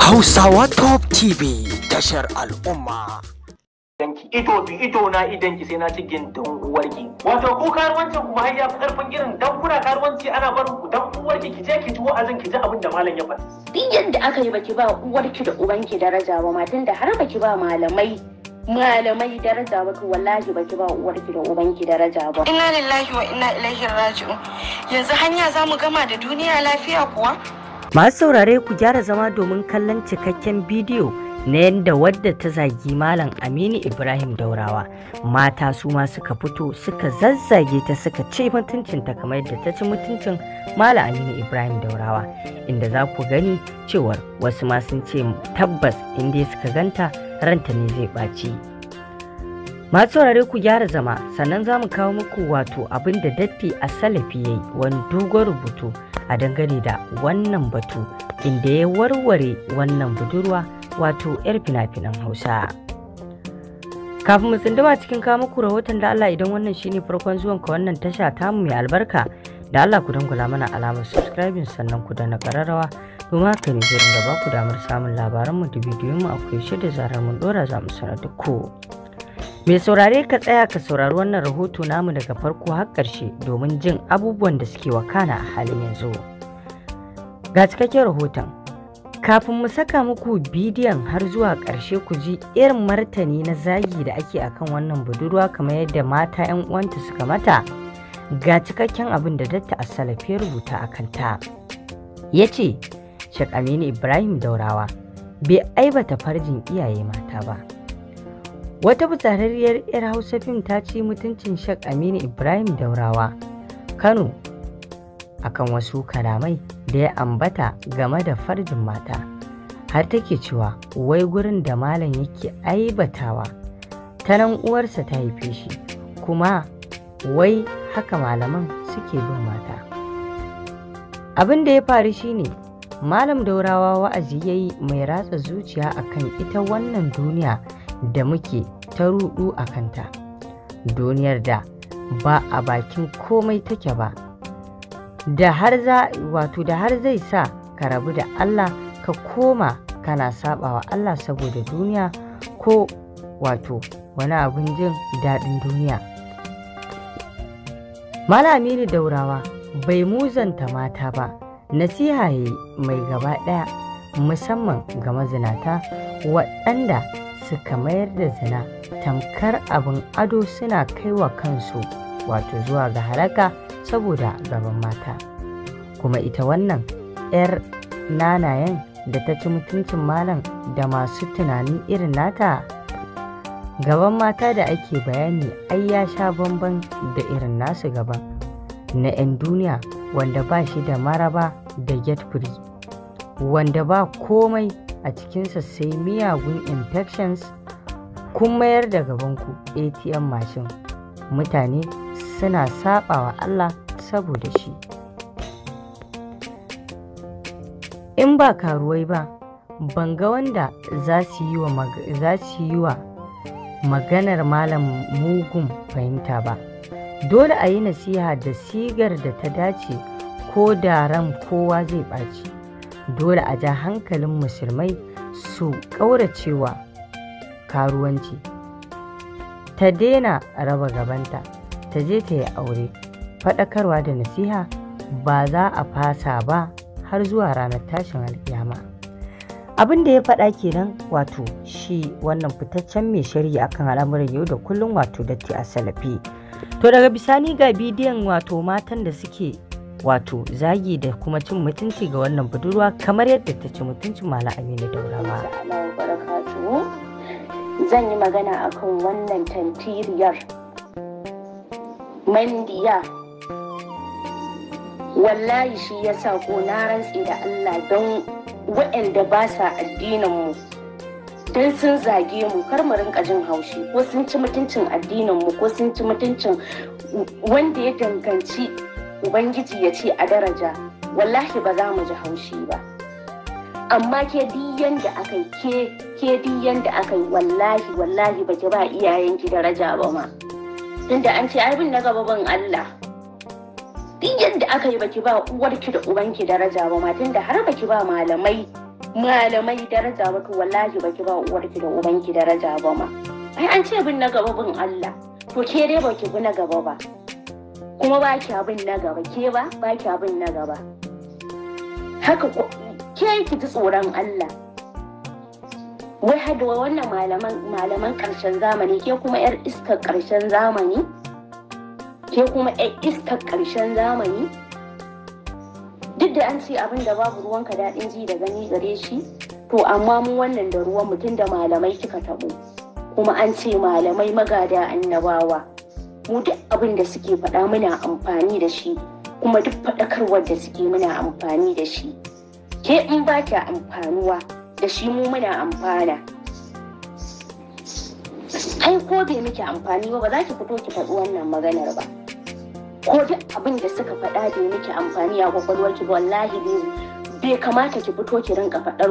Hausawa Top TV tashar al'umma. Ido bi ido na idan ki sai na ci gindin uwarki. Wato ku karuwanci ku har ya karfin irin dan kuna karuwanci ana barin ku dan uwarki ki je ki tuwo wa'azin ki ji abin da malam ya faɗi. Din yadda aka yi baki ba uwarki da ubanki daraja ba ma tunda har baki ba malamai malamai daraja ba to wallahi baki ba uwarki da ubanki daraja ba. Inna lillahi wa inna ilaihi raji'un. Yanzu hanya zamu gama da duniya lafiya kuwa? Masu saurare ku gyara zama domin kallon cikakken bidiyo na yadda wadda ta zagi Malam Aminu Ibrahim Daurawa mata su ma suka fito suka zazzage ta suka ce mutuncinta kamar yadda ta ci mutuncin Malam Aminu Ibrahim Daurawa inda za ku gani cewar wasu ma sun ce tabbas inda suka ganta ranta ne zai ɓaci. Masu saurare ku gyara zama sannan za mu kawo muku wato abin da datti a salafi yayi wani dogon rubutu a dangane da wannan batu inda ya warware wannan budurwa wato 'yar fina-finan hausa kafin mu tsinduma cikin kawo ku rahoton da allah idan wannan shine farkon zuwan ka wannan tasha tamu mai albarka da allah ku dangula mana alamar subscribing sannan ku dana kararrawa kuma ka ne ku damar samun labaranmu da bidiyonmu akwai koyaushe da zarar mun dora za mu sanar da ku. Mai saurare ka tsaya ka saurari wannan rahoto namu daga farko har ƙarshe domin jin abubuwan da suke wakana a halin yanzu. Ga cikakken rahoton. Kafin mu saka muku bidiyon har zuwa ƙarshe ku ji irin martani na zagi da ake akan wannan budurwa kamar yadda mata 'yan uwanta suka mata. Ga cikakken abin da datta a rubuta a kanta. Ya ce, Shek Aminu Ibrahim Daurawa, bai aibata farjin iyaye mata ba. Wata butsarariyar 'yar Hausa fim ta ci mutuncin Shek Aminu Ibrahim Daurawa, Kano, akan wasu kalamai da ya ambata game da farjin mata. Har take cewa wai gurin da malam yake aibatawa, ta nan uwarsa ta haife shi, kuma wai haka malaman suke bin mata. Abin da ya faru shine Malam Daurawa wa'azi ya yi mai ratsa zuciya akan ita wannan duniya da muke ta ruɗu a kanta duniyar da ba a bakin komai take ba da har za wato da har zai sa ka rabu da Allah ka koma kana sabawa Allah saboda duniya ko wato wani abin jin daɗin duniya malami daurawa bai muzanta mata ba nasiha mai gaba ɗaya musamman ga mazinata waɗanda suka mayar da zina tamkar abin ado suna kai wa kansu wato zuwa ga halaka saboda gaban mata kuma ita wannan 'yar nanayen da ta ci mutuncin malam da masu tunani irin nata gaban mata da ake bayani ai ya sha bamban da irin nasu gaban na 'yan duniya wanda ba shi da maraba da get free wanda ba komai a cikinsa sai miyagun infections kun mayar da gabanku atm mashin mutane suna saɓawa allah saboda shi in ba karuwai ba ban ga wanda za su yi wa maganar malam mugun fahimta ba dole a yi nasiha da sigar da ta dace ko da ran kowa zai ɓaci dole a ja hankalin musulmai su ƙauracewa karuwanci ta daina raba gabanta ta je ta yi aure faɗakarwa da nasiha ba za a fasa ba har zuwa ranar tashin alƙiyama abin da ya faɗa kenan wato shi wannan fitaccen mai shari'a akan al'amuran yau da kullum wato datti a salafi to daga bisani ga bidiyon wato matan da suke wato zagi da kuma cin mutunci ga wannan budurwa kamar yadda ta ci mutuncin malam aminu daurawa zan yi magana akan wannan tantiriyar mandiya wallahi shi ya sa na rantse da allah don waɗanda ba sa addininmu don sun zage mu kar mu rinka jin haushi ko sun ci mutuncin addininmu ko sun ci mutuncin wanda ya danganci ubangiji ya ce a daraja wallahi ba za mu ji haushi ba amma ke diyan da aka yi ke ke diyan da aka yi wallahi wallahi baki ba iyayenki daraja ba ma tunda an ce ai bin na gaba ban Allah diyan da aka yi baki ba uwarki da ubanki daraja ba ma tunda har baki ba malamai malamai daraja ba to wallahi baki ba uwarki da ubanki daraja ba ma ai an ce bin na gaba bin Allah to ke dai baki bi na gaba ba kuma ba ki abin na gaba ke ba ba ki abin na gaba haka ke ki ji tsoron Allah wai haduwa wannan malaman malaman karshen zamani ke kuma yar iskar karshen zamani ke kuma yar iskar karshen zamani duk da an ce abin da babu ka daɗin ji da gani gare shi to amma mu wannan da ruwan mutum da malamai kika taɓo kuma an ce malamai magada annabawa mu duk abin da suke faɗa muna amfani da shi kuma duk faɗakarwar da suke muna amfani da shi ke in ba ta amfanuwa da shi mu muna amfana kai ko bai muke amfani ba ba za ki fito ki faɗi wannan maganar ba ko duk abin da suka faɗa bai muke amfani a kwakwalwarki wallahi bai bai kamata ki fito ki rinka faɗar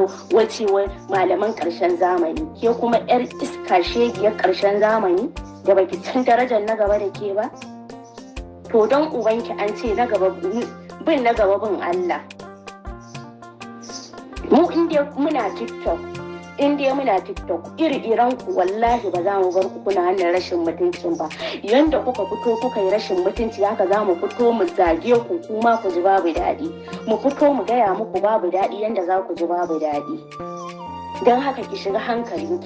wai malaman ƙarshen zamani ke kuma yar iska shegiyar ƙarshen zamani da baki san darajar na gaba da ke ba to don ubanki an ce na gaba bin na gaba bin Allah mu inda muna tiktok in dai muna tiktok iri-iran ku wallahi ba za mu bar ku kuna hannun rashin mutunci ba yanda kuka fito kuka yi rashin mutunci haka za mu fito mu zage ku kuma ku ji babu daɗi mu fito mu gaya muku babu daɗi yanda za ku ji babu daɗi don haka ki shiga ki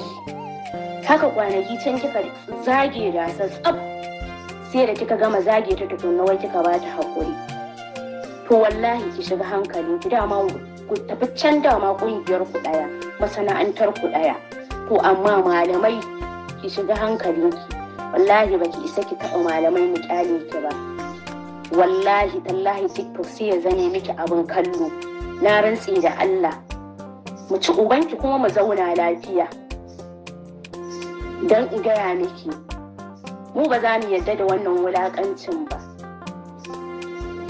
haka kwanaki can kika zage gasa tsaf sai da kika gama zage ta tukunna kika ba ta haƙuri to wallahi ki shiga ki dama ku tafi can dama kungiyar ku daya masana'antar ku daya ko amma malamai ki shiga ki, wallahi baki isa ki taba malamai mu kyale ki ba wallahi tallahi tiktok sai ya zane miki abin kallo na rantse da Allah mu ci ubanki kuma mu zauna lafiya dan in gaya miki mu ba za mu yadda da wannan wulakancin ba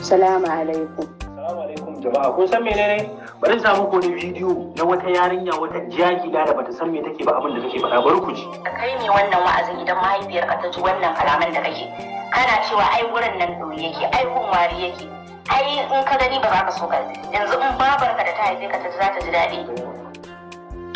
salamu alaikum salamu alaikum jama'a kun san menene bari sa muku wani bidiyo na wata yarinya wata jahila da bata san me take ba abin da take faɗa bari ku ji kai ne wannan wa'azin idan mahaifiyar ka ta ji wannan kalaman da kake kana cewa ai wurin nan dole yake ai wari yake ai in ka gani ba za ka so ka yanzu in babarka da ta haife ka ta za ta ji daɗi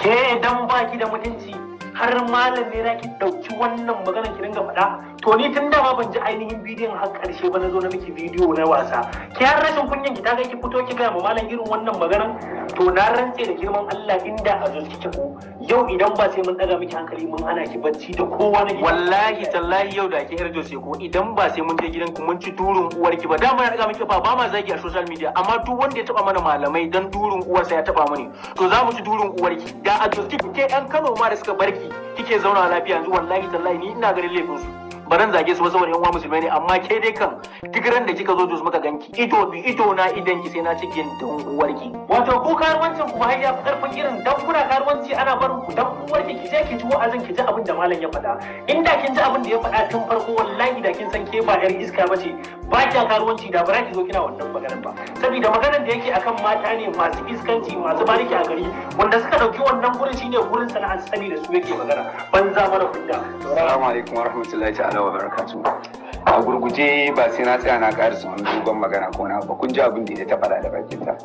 ke idan baki da mutunci har malam ne na ki ɗauki wannan maganar ki dinga faɗa to ni tun da ma ban ji ainihin bidiyon har karshe ba na zo na miki bidiyo na wasa ki har rashin kunyan ki ta kai ki fito ki gaya ma malam irin wannan maganan to na rantse da girman Allah inda a zuci ki ko yau idan ba sai mun daga miki hankali mun ana ki bacci da kowa na wallahi tallahi yau da ki har jose ko idan ba sai mun je gidan ku mun ci durun uwar ki ba da ya daga miki ba ba ma zagi a social media amma duk wanda ya taba mana malamai dan durun uwar sa ya taba mani to za mu ci durun uwar ki da a jose ke yan Kano ma da suka barki kike zauna lafiya yanzu wallahi tallahi ni ina ganin laifin su baran zage su ba saboda yan uwa musulmai ne amma ke dai kan duk ran da kika zo jos muka ganki ido bi ido na idan ki sai na cikin dan uwarki wato ku karuwancin ku har ya karfin irin dan kuna karuwanci ana barin ku dan uwarki ki je ki ji wa'azin ki ji abin da malam ya faɗa inda kin ji abin da ya faɗa tun farko wallahi da kin san ke ba yar iska bace ba kya karuwanci da ba ki zo kina wannan maganar ba saboda maganar da yake akan mata ne masu iskanci masu bariki a gari wanda suka dauki wannan gurin shine gurin sana'ar da su yake magana ban za mara kunda assalamu alaikum warahmatullahi ta'ala wa barakatuh a gurguje ba sai na tsaya na karisu wani dogon magana ko na ba kun ji abin da ta faɗa da bakin ta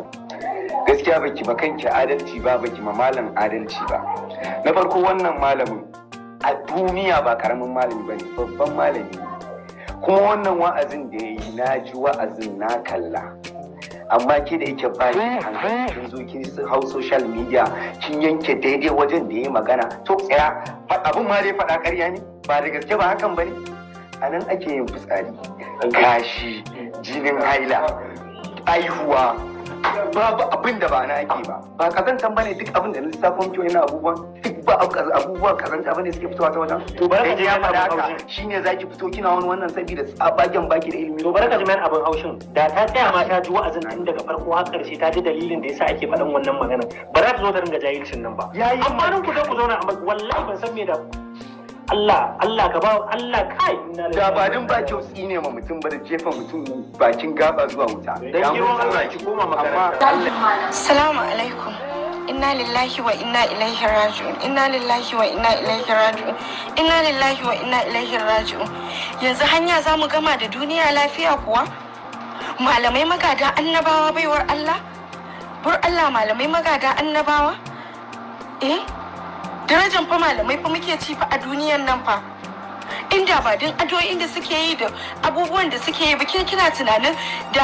gaskiya baki ba kanki adalci ba baki ma malam adalci ba na farko wannan malamin a duniya ba karamin malami ba ne babban malami kuma wannan wa'azin da ya na ji wa'azin na kalla amma ke da yake ba kin zo su hau social media kin yanke daidai wajen da ya magana to tsaya abin ma dai faɗa karya ne ba da gaske ba hakan bane a nan ake yin fitsari kashi jinin haila aihuwa babu abin da ba na ake ba ba kazantan bane duk abin da na lissafin kyau yana abubuwan ba abubuwan karanta bane suke fitowa ta wajen to ka ji ya faɗa haka shine zaki fito kina wani wannan saboda bakin baki da ilimi to ka ji abin haushin da ta tsaya ma ta ji wa'azin tun daga farko har karshe ta ji dalilin da yasa ake faɗan wannan maganar ba za ta zo ta ringa jahilcin nan ba amma nan ku zo ku zauna amma wallahi ban san me da Allah Allah ka ba Allah kai da ba din ba kyau ne ma mutum ba da jefa mutum bakin gaba zuwa wuta Dan kiwon Allah ki koma makaranta Assalamu alaikum inna lillahi wa inna ilaihi raji'un inna lillahi wa inna ilaihi raji'un inna lillahi wa inna ilaihi raji'un yanzu hanya zamu gama da duniya lafiya kuwa malamai magada annabawa baiwar Allah bur Allah malamai magada annabawa eh darajan fa malamai fa muke ci fa a duniyar nan fa inda ba din addu'o'in da suke yi da abubuwan da suke yi ba kina tunanin da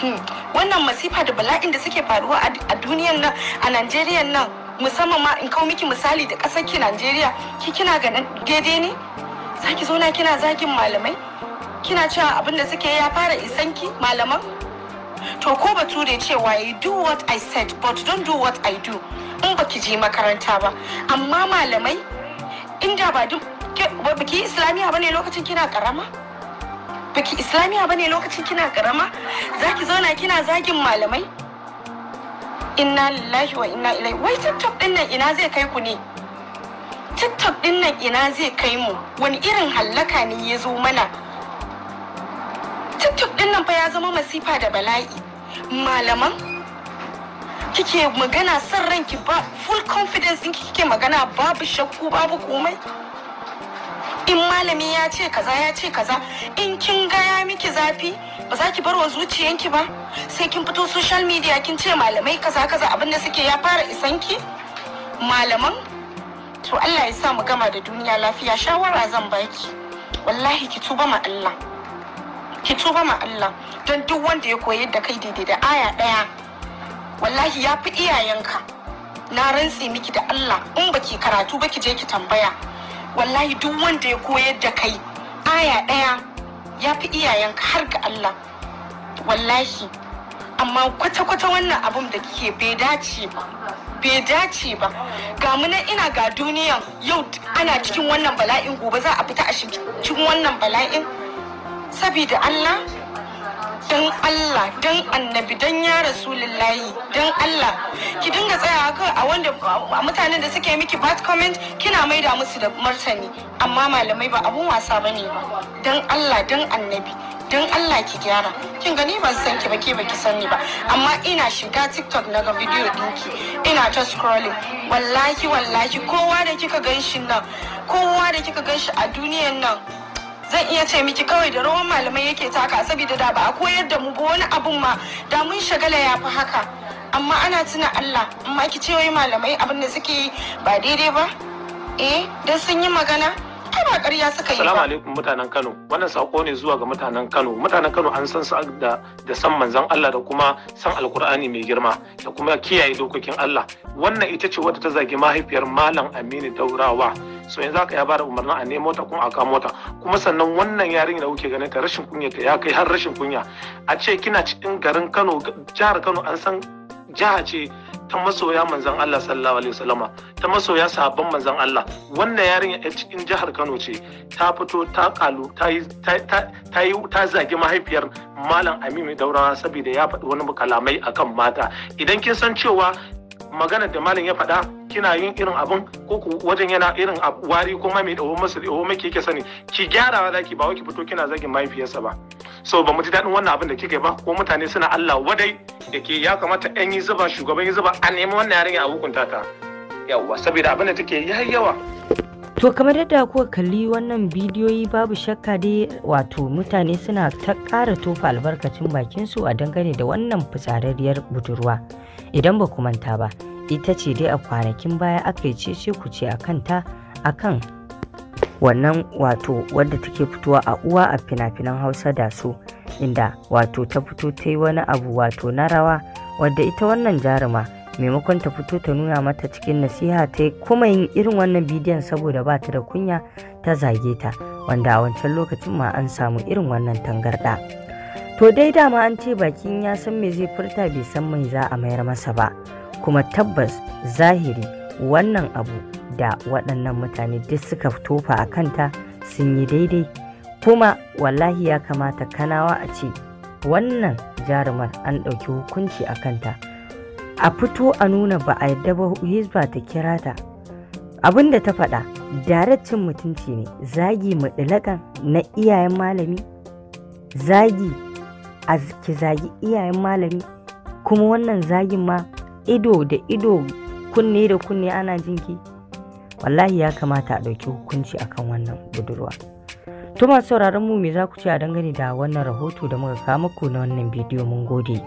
hmm, wannan masifa da bala'in da suke faruwa a duniyan nan a Najeriya nan musamman ma in kawo miki misali da ƙasar ki Najeriya ki kina ganin daidai ne zaki ki zauna kina zagin malamai kina cewa abin da suke ya fara isan ki malaman to ko ture cewa yi do what i said but don't do what i do in baki je makaranta ba amma malamai inda ba duk biki islamiya bane lokacin kina karama biki islamiya bane lokacin kina karama zaki zauna kina zagin malamai inna lillahi wa inna ilaihi wai tiktok din nan ina zai kai ku ne tiktok din nan ina zai kai mu wani irin hallaka ne ya zo mana tiktok din nan fa ya zama masifa da bala'i malaman kike magana son ranki ba full confidence din kike magana babu shakku babu komai in malami ya ce kaza ya ce kaza in kin gaya ya miki zafi ba za ki bar wa zuciyanki ba sai kin fito social media kin ce malamai kaza kaza abin da suke ya fara isanki malaman to Allah ya sa mu gama da duniya lafiya shawara zan baki wallahi ki tuba ma Allah ki tuba ma Allah don duk wanda ya koyi da kai daidai da aya daya wallahi ya fi iyayenka na rantsi miki da Allah in baki karatu ba ki je ki tambaya wallahi duk wanda ya koyar da kai aya ɗaya ya fi iyayenka har ga Allah wallahi amma kwata-kwata wannan abun da kike bai dace ba bai dace ba ga munan ina ga duniya yau ana cikin wannan bala'in gobe za a fita a cikin wannan bala'in sabida Allah don Allah don annabi don ya rasulullahi don Allah ki dinga tsayawa ka a wanda mutanen da suke miki bad comment kina maida musu da martani amma malamai ba abun wasa bane ba don Allah don annabi don Allah ki gyara kin gani ba san ki ba ke baki sani ba amma ina shiga TikTok na ga bidiyo dinki ina ta scrolling wallahi wallahi kowa da kika ganshi nan kowa da kika ganshi a duniyan nan zan iya ce miki kawai da rawan malamai yake taka saboda da ba a koyar da mu ba wani abun ma da mun shagala ya fi haka amma ana tuna Allah amma ki ce wai malamai abin da suke ba daidai ba eh dan sun yi magana ai alaikum mutanen Kano wannan sako ne zuwa ga mutanen Kano mutanen Kano an san su da da san manzon Allah da kuma san alkur'ani mai girma da kuma kiyaye dokokin Allah wannan ita ce wata ta zagi mahaifiyar malam Aminu Daurawa so yanzu aka ya bada umarni a nemo ta kuma a kamo kuma sannan wannan yarinya da kuke ganin ta rashin kunya ta ya kai har rashin kunya a ce kina cikin garin Kano jihar Kano an san jiha ce ta masoya manzan Allah sallallahu alaihi wasallama ta masoya sahabban manzan Allah wannan yarinya a cikin jihar Kano ce ta fito ta kalu ta yi ta zagi mahaifiyar Malam Aminu Daurawa saboda ya faɗi wani kalamai akan mata idan kin san cewa magana da malam ya faɗa kina yin irin abin ko wajen yana irin wari ko mai mai wani masu dawo make kike sani ki gyarawa zaki ba wai ki fito kina zagin mahaifiyarsa ba so ba mu ji daɗin wannan abin da kika ba ko mutane suna Allah wadai da ke ya kamata ɗan yi zuba shugaban yi zuba a nemi wannan yarinya a hukunta ta yawwa saboda abin da take ya yawa To kamar yadda kuka kalli wannan bidiyoyi babu shakka dai wato mutane suna ta ƙara tofa albarkacin bakinsu a dangane da wannan fitsararriyar budurwa idan ba ku manta ba. ita ce dai a kwanakin baya aka yi cece kuce a kanta a kan wannan wato wadda take fitowa a uwa a fina-finan hausa da su inda wato ta fito ta yi wani abu wato na rawa wadda ita wannan jaruma maimakon ta fito ta nuna mata cikin nasiha ta kuma yin irin wannan bidiyon saboda ba ta da kunya ta zage ta wanda a wancan lokacin ma an samu irin wannan tangarɗa. to dai dama an ce bakin ya san me zai furta bai san mai za a mayar masa ba kuma tabbas zahiri wannan abu da waɗannan mutane duk suka tofa a kanta sun yi daidai kuma wallahi ya kamata kanawa a ce wannan jarumar an ɗauki hukunci a kanta a fito a nuna ba a yadda ba hizba ta kira ta abin da ta faɗa cin mutunci ne zagi muɗulakan na iyayen malami zagi a zagi iyayen malami kuma wannan zagin ma ido da ido kunne da kunne ana jinki wallahi ya kamata a ɗauki hukunci akan wannan budurwa to masu sauraron mu me za ku ce a dangane da wannan rahoto da muka kawo muku na wannan bidiyo mun gode